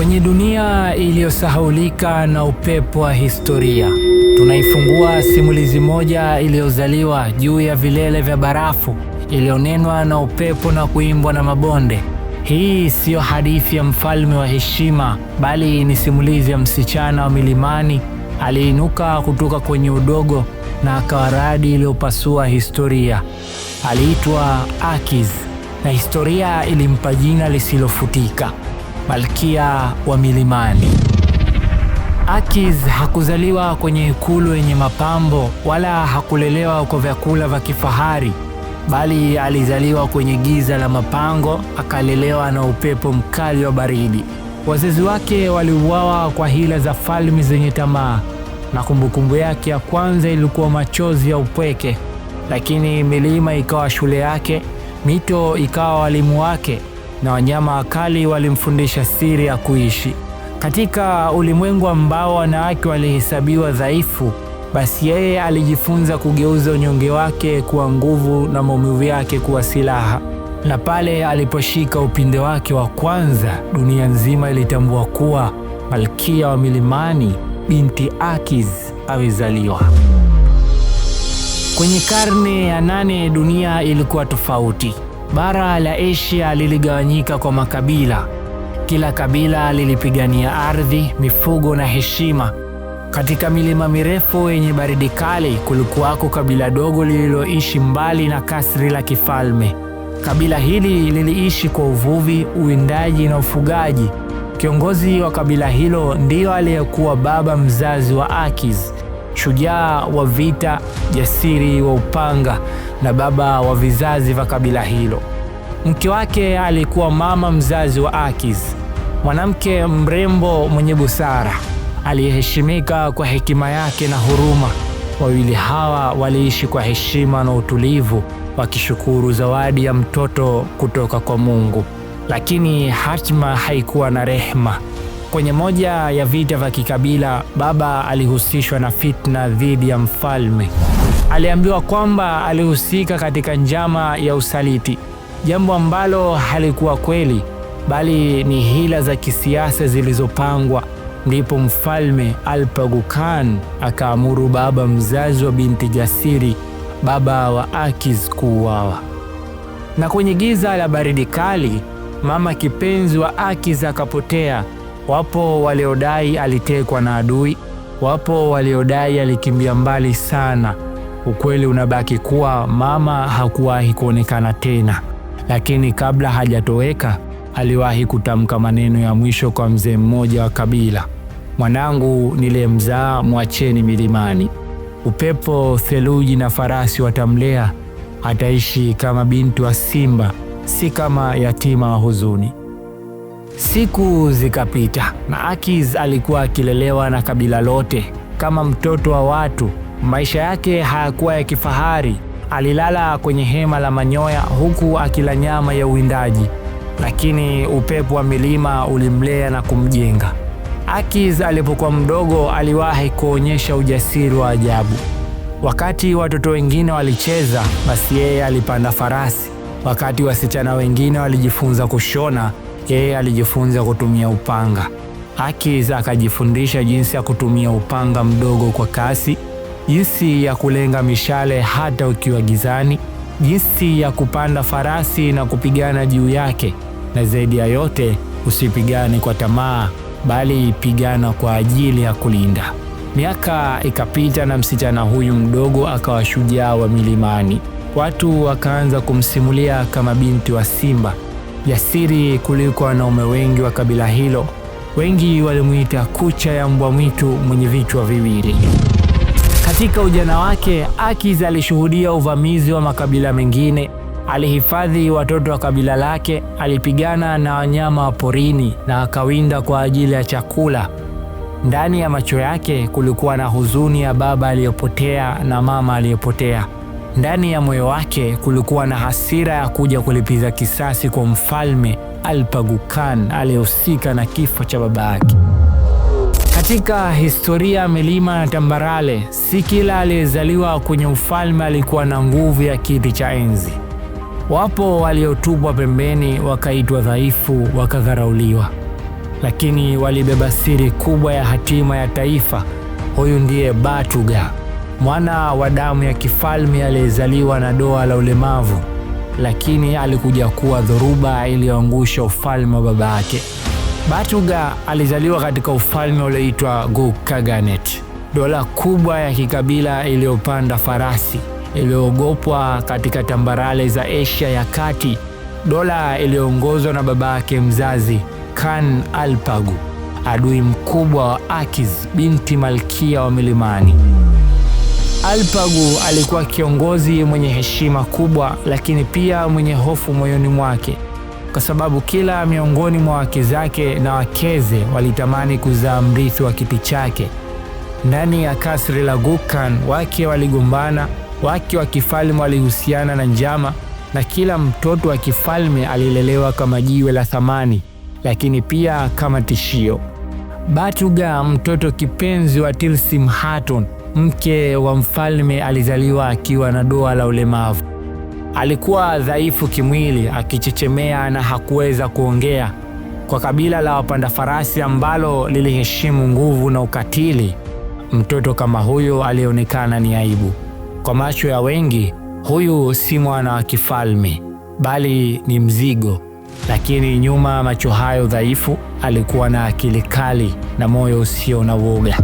Kwenye dunia iliyosahaulika na upepo wa historia, tunaifungua simulizi moja iliyozaliwa juu ya vilele vya barafu, iliyonenwa na upepo na kuimbwa na mabonde. Hii siyo hadithi ya mfalme wa heshima, bali ni simulizi ya msichana wa milimani aliyeinuka kutoka kwenye udogo na akawa radi iliyopasua historia. Aliitwa Akiz na historia ilimpa jina lisilofutika malkia wa milimani. Akis hakuzaliwa kwenye ikulu yenye mapambo wala hakulelewa kwa vyakula vya kifahari, bali alizaliwa kwenye giza la mapango, akalelewa na upepo mkali wa baridi. Wazazi wake waliuawa kwa hila za falme zenye tamaa, na kumbukumbu yake ya kwanza ilikuwa machozi ya upweke. Lakini milima ikawa shule yake, mito ikawa walimu wake, na wanyama wakali walimfundisha siri ya kuishi katika ulimwengu ambao wanawake walihesabiwa dhaifu. Basi yeye alijifunza kugeuza unyonge wake kuwa nguvu na maumivu yake kuwa silaha, na pale aliposhika upinde wake wa kwanza, dunia nzima ilitambua kuwa malkia wa milimani binti Akis amezaliwa. Kwenye karne ya nane dunia ilikuwa tofauti. Bara la Asia liligawanyika kwa makabila. Kila kabila lilipigania ardhi, mifugo na heshima. Katika milima mirefu yenye baridi kali, kulikuwako kabila dogo lililoishi mbali na kasri la kifalme. Kabila hili liliishi kwa uvuvi, uwindaji na ufugaji. Kiongozi wa kabila hilo ndiyo aliyekuwa baba mzazi wa Akiz shujaa wa vita, jasiri wa upanga na baba wa vizazi vya kabila hilo. Mke wake alikuwa mama mzazi wa Akiz, mwanamke mrembo mwenye busara aliyeheshimika kwa hekima yake na huruma. Wawili hawa waliishi kwa heshima na utulivu, wakishukuru zawadi ya mtoto kutoka kwa Mungu, lakini hatima haikuwa na rehema. Kwenye moja ya vita vya kikabila, baba alihusishwa na fitna dhidi ya mfalme. Aliambiwa kwamba alihusika katika njama ya usaliti, jambo ambalo halikuwa kweli, bali ni hila za kisiasa zilizopangwa. Ndipo mfalme alpagukan akaamuru baba mzazi wa binti Jasiri, baba wa akis kuuawa. Na kwenye giza la baridi kali, mama kipenzi wa akis akapotea. Wapo waliodai alitekwa na adui, wapo waliodai alikimbia mbali sana. Ukweli unabaki kuwa mama hakuwahi kuonekana tena, lakini kabla hajatoweka aliwahi kutamka maneno ya mwisho kwa mzee mmoja wa kabila: mwanangu niliyemzaa mwacheni milimani. Upepo, theluji na farasi watamlea. Ataishi kama binti wa simba, si kama yatima wa huzuni. Siku zikapita na Akiz alikuwa akilelewa na kabila lote kama mtoto wa watu. Maisha yake hayakuwa ya kifahari. Alilala kwenye hema la manyoya huku akila nyama ya uwindaji, lakini upepo wa milima ulimlea na kumjenga. Akiz alipokuwa mdogo aliwahi kuonyesha ujasiri wa ajabu. Wakati watoto wengine walicheza, basi yeye alipanda farasi. Wakati wasichana wengine walijifunza kushona yeye alijifunza kutumia upanga. akis akajifundisha jinsi ya kutumia upanga mdogo kwa kasi, jinsi ya kulenga mishale hata ukiwa gizani, jinsi ya kupanda farasi na kupigana juu yake, na zaidi ya yote, usipigane kwa tamaa, bali pigana kwa ajili ya kulinda. Miaka ikapita na msichana huyu mdogo akawa shujaa wa milimani. Watu wakaanza kumsimulia kama binti wa simba jasiri kuliko wanaume wengi wa kabila hilo. Wengi walimuita kucha ya mbwa mwitu mwenye vichwa viwili. Katika ujana wake, Akiz alishuhudia uvamizi wa makabila mengine. Alihifadhi watoto wa kabila lake, alipigana na wanyama wa porini na akawinda kwa ajili ya chakula. Ndani ya macho yake kulikuwa na huzuni ya baba aliyopotea na mama aliyopotea. Ndani ya moyo wake kulikuwa na hasira ya kuja kulipiza kisasi kwa mfalme Alpagukan aliyehusika na kifo cha baba yake. Katika historia ya milima na tambarale, si kila aliyezaliwa kwenye ufalme alikuwa na nguvu ya kiti cha enzi. Wapo waliotupwa pembeni, wakaitwa dhaifu, wakadharauliwa, lakini walibeba siri kubwa ya hatima ya taifa. Huyu ndiye Batuga mwana wa damu ya kifalme aliyezaliwa na doa la ulemavu, lakini alikuja kuwa dhoruba iliyoangusha ufalme wa baba yake. Batuga alizaliwa katika ufalme ulioitwa Gukaganet, dola kubwa ya kikabila iliyopanda farasi iliyoogopwa katika tambarale za Asia ya kati, dola iliyoongozwa na baba yake mzazi Kan Alpagu, adui mkubwa wa Akiz binti malkia wa milimani. Alpagu alikuwa kiongozi mwenye heshima kubwa, lakini pia mwenye hofu moyoni mwake, kwa sababu kila miongoni mwa wake zake na wakeze walitamani kuzaa mrithi wa kiti chake. Ndani ya kasri la gukan wake waligombana, wake wa kifalme walihusiana na njama, na kila mtoto wa kifalme alilelewa kama jiwe la thamani, lakini pia kama tishio. Batuga, mtoto kipenzi wa Tilsim Hatun mke wa mfalme alizaliwa akiwa na doa la ulemavu. Alikuwa dhaifu kimwili, akichechemea na hakuweza kuongea. Kwa kabila la wapanda farasi ambalo liliheshimu nguvu na ukatili, mtoto kama huyo alionekana ni aibu. Kwa macho ya wengi, huyu si mwana wa kifalme, bali ni mzigo. Lakini nyuma macho hayo dhaifu, alikuwa na akili kali na moyo usio na woga.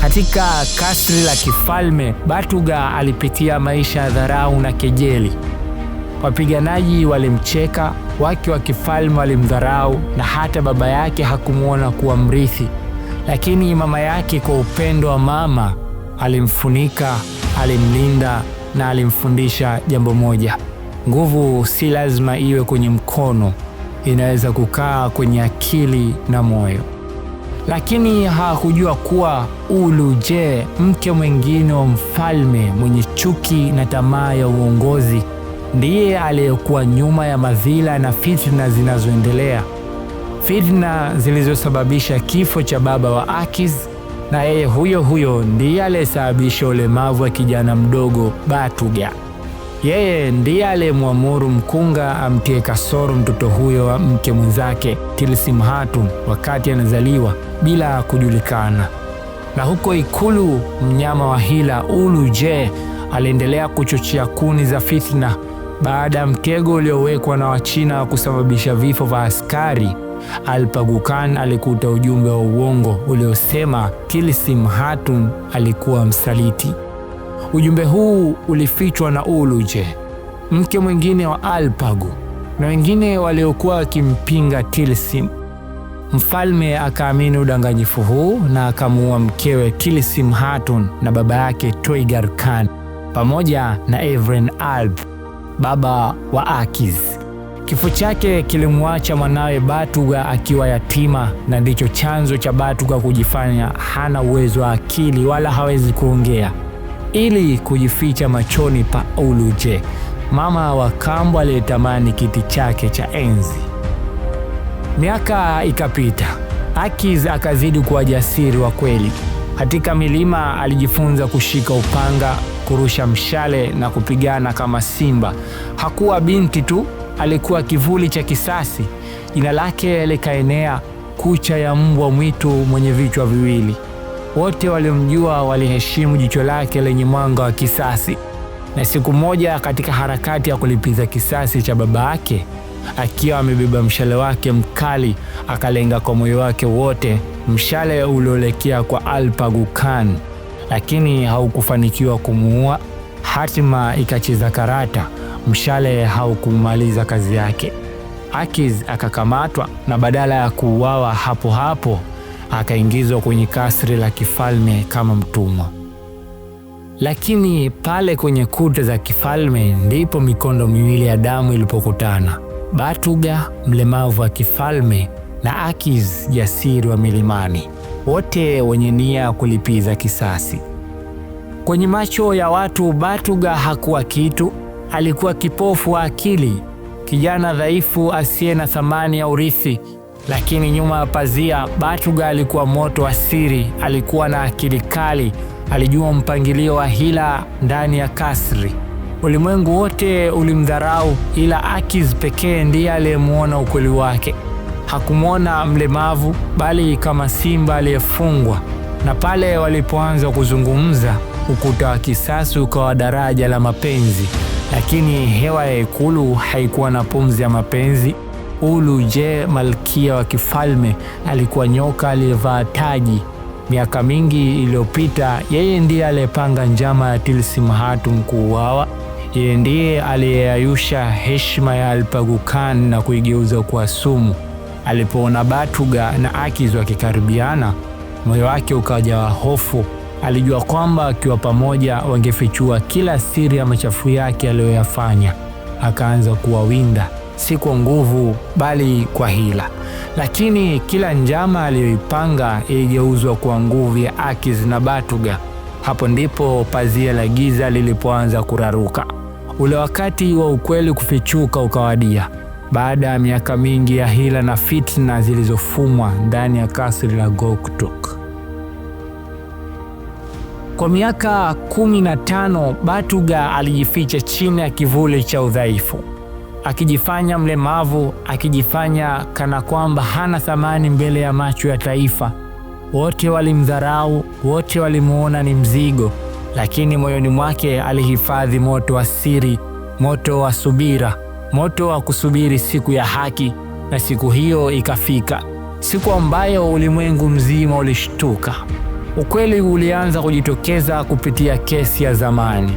Katika kasri la kifalme, Batuga alipitia maisha ya dharau na kejeli. Wapiganaji walimcheka, wake wa kifalme walimdharau na hata baba yake hakumwona kuwa mrithi. Lakini mama yake kwa upendo wa mama alimfunika, alimlinda na alimfundisha jambo moja. Nguvu si lazima iwe kwenye mkono, inaweza kukaa kwenye akili na moyo lakini hakujua kuwa Uluje, mke mwingine wa mfalme mwenye chuki na tamaa ya uongozi, ndiye aliyekuwa nyuma ya madhila na fitna zinazoendelea, fitna zilizosababisha kifo cha baba wa Akis, na yeye huyo huyo ndiye aliyesababisha ulemavu wa kijana mdogo Batuga. Yeye ndiye aliyemwamuru mkunga amtie kasoro mtoto huyo wa mke mwenzake tilsim hatun wakati anazaliwa bila kujulikana. Na huko ikulu, mnyama wa hila Je aliendelea kuchochea kuni za fitna baada ya mtego uliowekwa na Wachina wa kusababisha vifo vya askari. Alpagukan alikuta ujumbe wa uongo uliosema Tilsim Hatun alikuwa msaliti. Ujumbe huu ulifichwa na Uluje, mke mwingine wa Alpagu, na wengine waliokuwa wakimpinga tilsim Mfalme akaamini udanganyifu huu na akamuua mkewe Tilsim Hatun na baba yake Toigar Khan pamoja na Evren Alp, baba wa Akiz. Kifo chake kilimwacha mwanawe Batuga akiwa yatima, na ndicho chanzo cha Batuga kujifanya hana uwezo wa akili wala hawezi kuongea ili kujificha machoni pa Oluje, mama wa kambo aliyetamani kiti chake cha enzi. Miaka ikapita, Akiz akazidi kuwa jasiri wa kweli. Katika milima alijifunza kushika upanga, kurusha mshale na kupigana kama simba. Hakuwa binti tu, alikuwa kivuli cha kisasi. Jina lake likaenea, kucha ya mbwa mwitu mwenye vichwa viwili. Wote waliomjua waliheshimu jicho lake lenye mwanga wa kisasi, na siku moja, katika harakati ya kulipiza kisasi cha baba yake, akiwa amebeba mshale wake mkali, akalenga kwa moyo wake wote, mshale ulioelekea kwa alpa gukan lakini haukufanikiwa kumuua. Hatima ikacheza karata, mshale haukumaliza kazi yake. Akiz akakamatwa na badala ya kuuawa hapo hapo akaingizwa kwenye kasri la kifalme kama mtumwa. Lakini pale kwenye kuta za kifalme ndipo mikondo miwili ya damu ilipokutana, Batuga mlemavu wa kifalme na Akiz jasiri wa milimani, wote wenye nia ya kulipiza kisasi. Kwenye macho ya watu, Batuga hakuwa kitu. Alikuwa kipofu wa akili, kijana dhaifu asiye na thamani ya urithi, lakini nyuma ya pazia, Batuga alikuwa moto wa siri. Alikuwa na akili kali, alijua mpangilio wa hila ndani ya kasri. Ulimwengu wote ulimdharau, ila Akiz pekee ndiye aliyemwona ukweli wake. Hakumwona mlemavu, bali kama simba aliyefungwa. Na pale walipoanza kuzungumza, ukuta wa kisasi ukawa daraja la mapenzi, lakini hewa ya ikulu haikuwa na pumzi ya mapenzi. Ulu Je, malkia wa kifalme, alikuwa nyoka aliyevaa taji. Miaka mingi iliyopita, yeye ndiye aliyepanga njama ya Tilsimhatum kuuawa. Yeye ndiye aliyeyayusha heshima ya Alpagukan na kuigeuza kuwa sumu. Alipoona Batuga na Akis wakikaribiana, moyo wake ukajawa hofu. Alijua kwamba akiwa pamoja wangefichua kila siri ya machafu yake aliyoyafanya. Akaanza kuwawinda si kwa nguvu, bali kwa hila. Lakini kila njama aliyoipanga iligeuzwa kwa nguvu ya Akizi na Batuga. Hapo ndipo pazia la giza lilipoanza kuraruka. Ule wakati wa ukweli kufichuka ukawadia. Baada ya miaka mingi ya hila na fitna zilizofumwa ndani ya kasri la Goktuk. Kwa miaka kumi na tano Batuga alijificha chini ya kivuli cha udhaifu akijifanya mlemavu, akijifanya kana kwamba hana thamani mbele ya macho ya taifa. Wote walimdharau, wote walimuona ni mzigo, lakini moyoni mwake alihifadhi moto wa siri, moto wa subira, moto wa kusubiri siku ya haki. Na siku hiyo ikafika, siku ambayo ulimwengu mzima ulishtuka. Ukweli ulianza kujitokeza kupitia kesi ya zamani.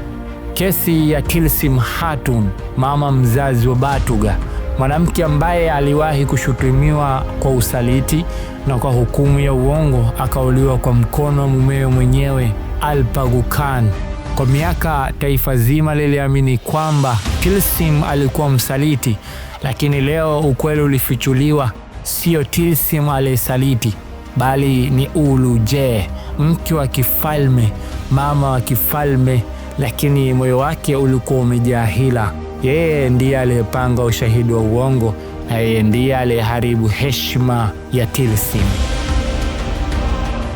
Kesi ya Kilsim Hatun, mama mzazi wa Batuga, mwanamke ambaye aliwahi kushutumiwa kwa usaliti na kwa hukumu ya uongo akauliwa kwa mkono wa mumewe mwenyewe Alpagukan. Kwa miaka taifa zima liliamini kwamba Tilsim alikuwa msaliti, lakini leo ukweli ulifichuliwa. Sio Tilsim aliyesaliti, bali ni Ulu Je, mke wa kifalme, mama wa kifalme lakini moyo wake ulikuwa umejaa hila. Yeye ndiye aliyepanga ushahidi wa uongo na yeye ndiye aliyeharibu heshima ya Tilsim.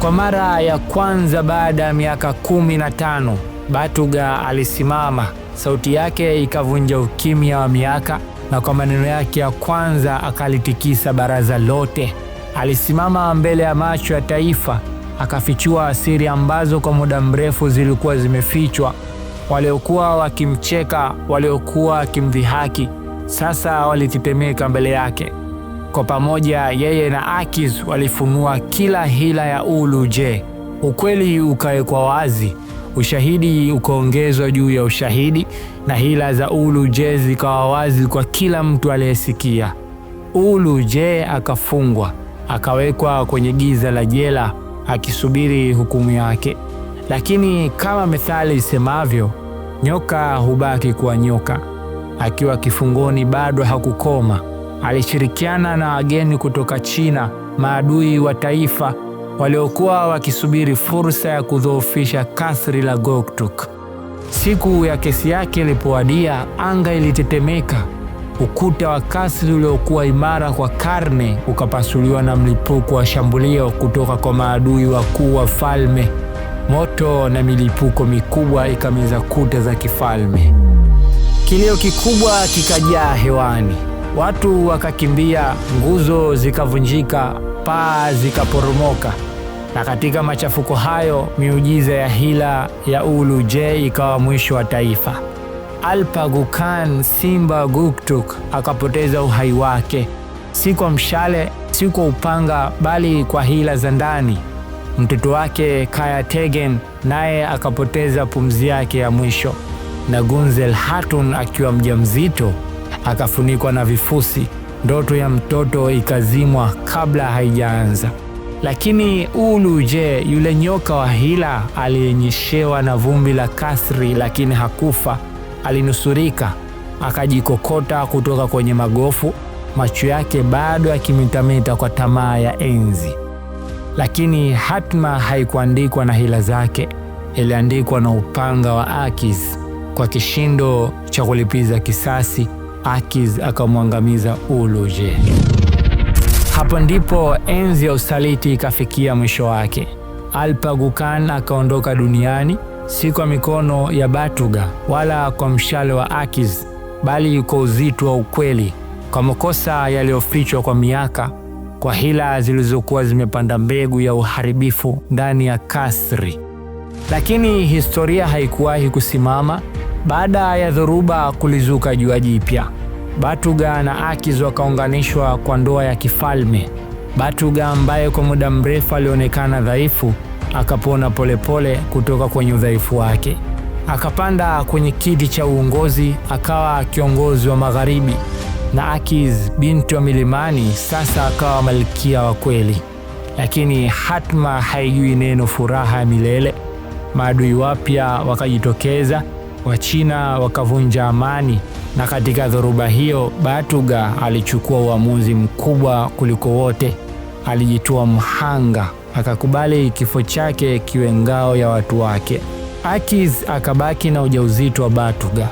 Kwa mara ya kwanza baada ya miaka kumi na tano, Batuga alisimama. Sauti yake ikavunja ukimya wa miaka, na kwa maneno yake ya kwanza akalitikisa baraza lote. Alisimama mbele ya macho ya taifa, akafichua asiri ambazo kwa muda mrefu zilikuwa zimefichwa waliokuwa wakimcheka, waliokuwa wakimdhihaki, sasa walitetemeka mbele yake. Kwa pamoja yeye na Akis walifunua kila hila ya Uluje. Ukweli ukawekwa wazi, ushahidi ukaongezwa juu ya ushahidi, na hila za Uluje zikawa wazi kwa kila mtu aliyesikia. Uluje akafungwa, akawekwa kwenye giza la jela akisubiri hukumu yake. Lakini kama methali isemavyo, nyoka hubaki kuwa nyoka. Akiwa kifungoni bado hakukoma. Alishirikiana na wageni kutoka China, maadui wa taifa waliokuwa wakisubiri fursa ya kudhoofisha kasri la Goktuk. Siku ya kesi yake ilipowadia, anga ilitetemeka. Ukuta wa kasri uliokuwa imara kwa karne ukapasuliwa na mlipuko wa shambulio kutoka kwa maadui wakuu wa falme. Moto na milipuko mikubwa ikameza kuta za kifalme. Kilio kikubwa kikajaa hewani, watu wakakimbia, nguzo zikavunjika, paa zikaporomoka. Na katika machafuko hayo, miujiza ya hila ya Ulu Je ikawa mwisho wa taifa. alpa gukan Simba Guktuk akapoteza uhai wake, si kwa mshale, si kwa upanga, bali kwa hila za ndani. Mtoto wake Kaya Tegen naye akapoteza pumzi yake ya mwisho, na Gunzel Hatun akiwa mjamzito akafunikwa na vifusi. Ndoto ya mtoto ikazimwa kabla haijaanza. Lakini Ulu, je, yule nyoka wa hila aliyenyeshewa na vumbi la kasri, lakini hakufa, alinusurika akajikokota kutoka kwenye magofu, macho yake bado akimetameta kwa tamaa ya enzi lakini hatma haikuandikwa na hila zake, iliandikwa na upanga wa Akis. Kwa kishindo cha kulipiza kisasi, Akis akamwangamiza Uluje. Hapo ndipo enzi ya usaliti ikafikia mwisho wake. Alpagukan akaondoka duniani, si kwa mikono ya Batuga wala kwa mshale wa akis bali kwa uzito wa ukweli, kwa makosa yaliyofichwa kwa miaka kwa hila zilizokuwa zimepanda mbegu ya uharibifu ndani ya kasri. Lakini historia haikuwahi kusimama. Baada ya dhoruba, kulizuka jua jipya. Batuga na Akis wakaunganishwa kwa ndoa ya kifalme. Batuga ambaye kwa muda mrefu alionekana dhaifu, akapona polepole pole kutoka kwenye udhaifu wake, akapanda kwenye kiti cha uongozi, akawa kiongozi wa Magharibi na Akiz binti wa milimani sasa akawa malkia wa kweli, lakini hatma haijui neno furaha ya milele. Maadui wapya wakajitokeza, Wachina wakavunja amani, na katika dhoruba hiyo Batuga alichukua uamuzi mkubwa kuliko wote. Alijitoa mhanga, akakubali kifo chake kiwe ngao ya watu wake. Akiz akabaki na ujauzito wa Batuga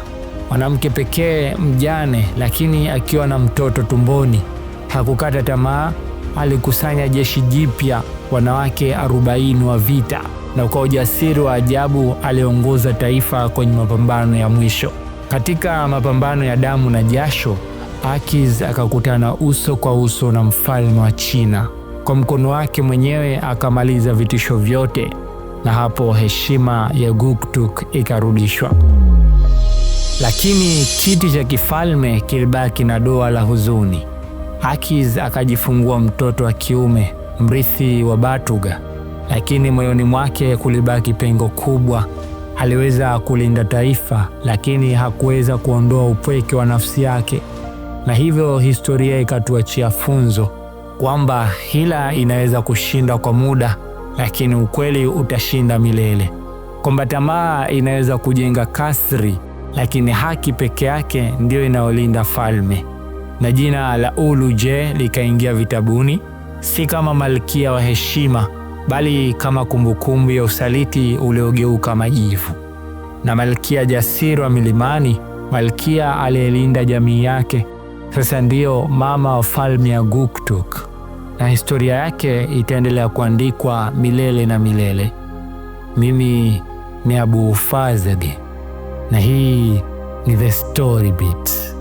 mwanamke pekee mjane, lakini akiwa na mtoto tumboni. Hakukata tamaa, alikusanya jeshi jipya, wanawake 40 wa vita, na kwa ujasiri wa ajabu aliongoza taifa kwenye mapambano ya mwisho. Katika mapambano ya damu na jasho, Akiz akakutana uso kwa uso na mfalme wa China. Kwa mkono wake mwenyewe akamaliza vitisho vyote, na hapo heshima ya Guktuk ikarudishwa. Lakini kiti cha kifalme kilibaki na doa la huzuni. akis akajifungua mtoto wa kiume, mrithi wa Batuga, lakini moyoni mwake kulibaki pengo kubwa. Aliweza kulinda taifa, lakini hakuweza kuondoa upweke wa nafsi yake, na hivyo historia ikatuachia funzo kwamba hila inaweza kushinda kwa muda, lakini ukweli utashinda milele, kwamba tamaa inaweza kujenga kasri lakini haki peke yake ndiyo inayolinda falme, na jina la Uluje likaingia vitabuni, si kama malkia wa heshima, bali kama kumbukumbu ya usaliti uliogeuka majivu. Na malkia jasiri wa milimani, malkia aliyelinda jamii yake, sasa ndiyo mama wa falme ya Guktuk, na historia yake itaendelea kuandikwa milele na milele. Mimi ni Abu Fazege na hii ni The Story Bit.